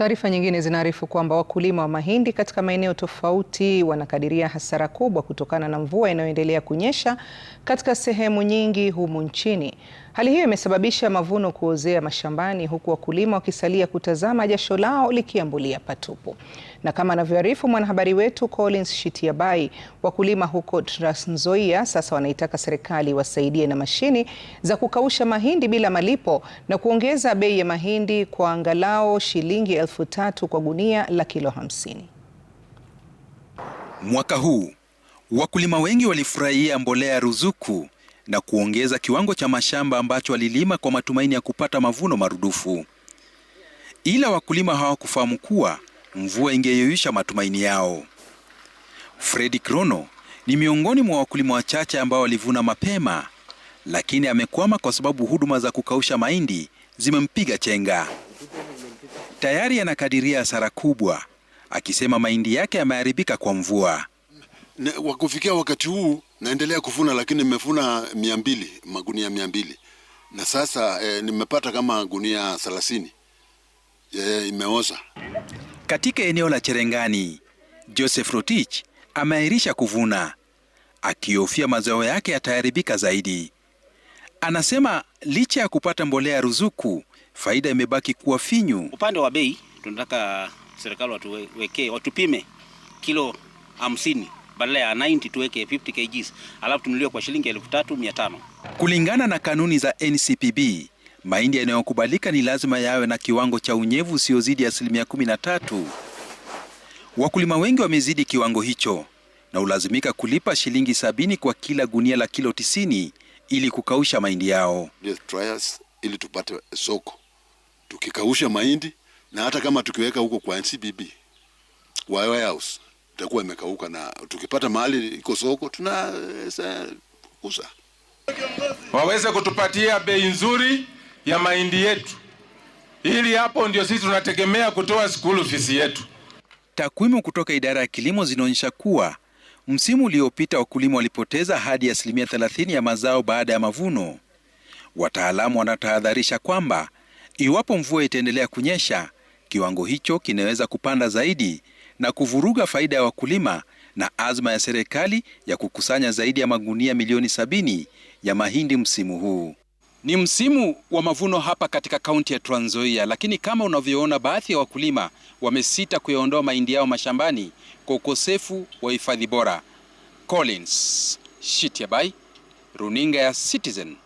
Taarifa nyingine zinaarifu kwamba wakulima wa mahindi katika maeneo tofauti wanakadiria hasara kubwa kutokana na mvua inayoendelea kunyesha katika sehemu nyingi humu nchini. Hali hiyo imesababisha mavuno kuozea mashambani huku wakulima wakisalia kutazama jasho lao likiambulia patupu. Na kama anavyoarifu mwanahabari wetu Collins Shitiabai, wakulima huko Trans Nzoia sasa wanaitaka serikali wasaidie na mashini za kukausha mahindi bila malipo na kuongeza bei ya mahindi kwa angalau shilingi elfu tatu kwa gunia la kilo hamsini. Mwaka huu wakulima wengi walifurahia mbolea ya ruzuku na kuongeza kiwango cha mashamba ambacho walilima kwa matumaini ya kupata mavuno marudufu. Ila wakulima hawakufahamu kuwa mvua ingeyeyusha matumaini yao. Fredi Krono ni miongoni mwa wakulima wachache ambao walivuna mapema, lakini amekwama kwa sababu huduma za kukausha mahindi zimempiga chenga. Tayari anakadiria hasara kubwa, akisema mahindi yake yameharibika kwa mvua Wakufikia wakati huu naendelea kuvuna, lakini nimevuna mia mbili magunia mia mbili na sasa eh, nimepata kama gunia thelathini eh, imeoza. Katika eneo la Cherengani, Joseph Rotich ameahirisha kuvuna akihofia mazao yake yataharibika zaidi. Anasema licha ya kupata mbolea ya ruzuku, faida imebaki kuwa finyu. Upande wa bei, tunataka serikali watuwekee, watupime kilo hamsini badala ya 90 tuweke 50 kgs, alafu tunuliwe kwa shilingi 3500. Kulingana na kanuni za NCPB, mahindi yanayokubalika ni lazima yawe na kiwango cha unyevu usiozidi asilimia 13. Wakulima wengi wamezidi kiwango hicho na ulazimika kulipa shilingi sabini kwa kila gunia la kilo tisini ili kukausha mahindi yao. Trials, ili tupate soko tukikausha mahindi na hata kama tukiweka huko kwa NCBB warehouse itakuwa imekauka, na tukipata mahali iko soko tunaweza kuuza. Waweze kutupatia bei nzuri ya mahindi yetu, ili hapo ndio sisi tunategemea kutoa skulu fisi yetu. Takwimu kutoka idara ya kilimo zinaonyesha kuwa msimu uliopita wakulima walipoteza hadi asilimia 30 ya mazao baada ya mavuno. Wataalamu wanatahadharisha kwamba iwapo mvua itaendelea kunyesha, kiwango hicho kinaweza kupanda zaidi na kuvuruga faida ya wakulima na azma ya serikali ya kukusanya zaidi ya magunia milioni sabini ya mahindi msimu huu. Ni msimu wa mavuno hapa katika kaunti ya Trans Nzoia, lakini kama unavyoona, baadhi ya wakulima wamesita kuyaondoa mahindi yao mashambani kwa ukosefu wa hifadhi bora. Collins Shitiabai, Runinga ya Citizen,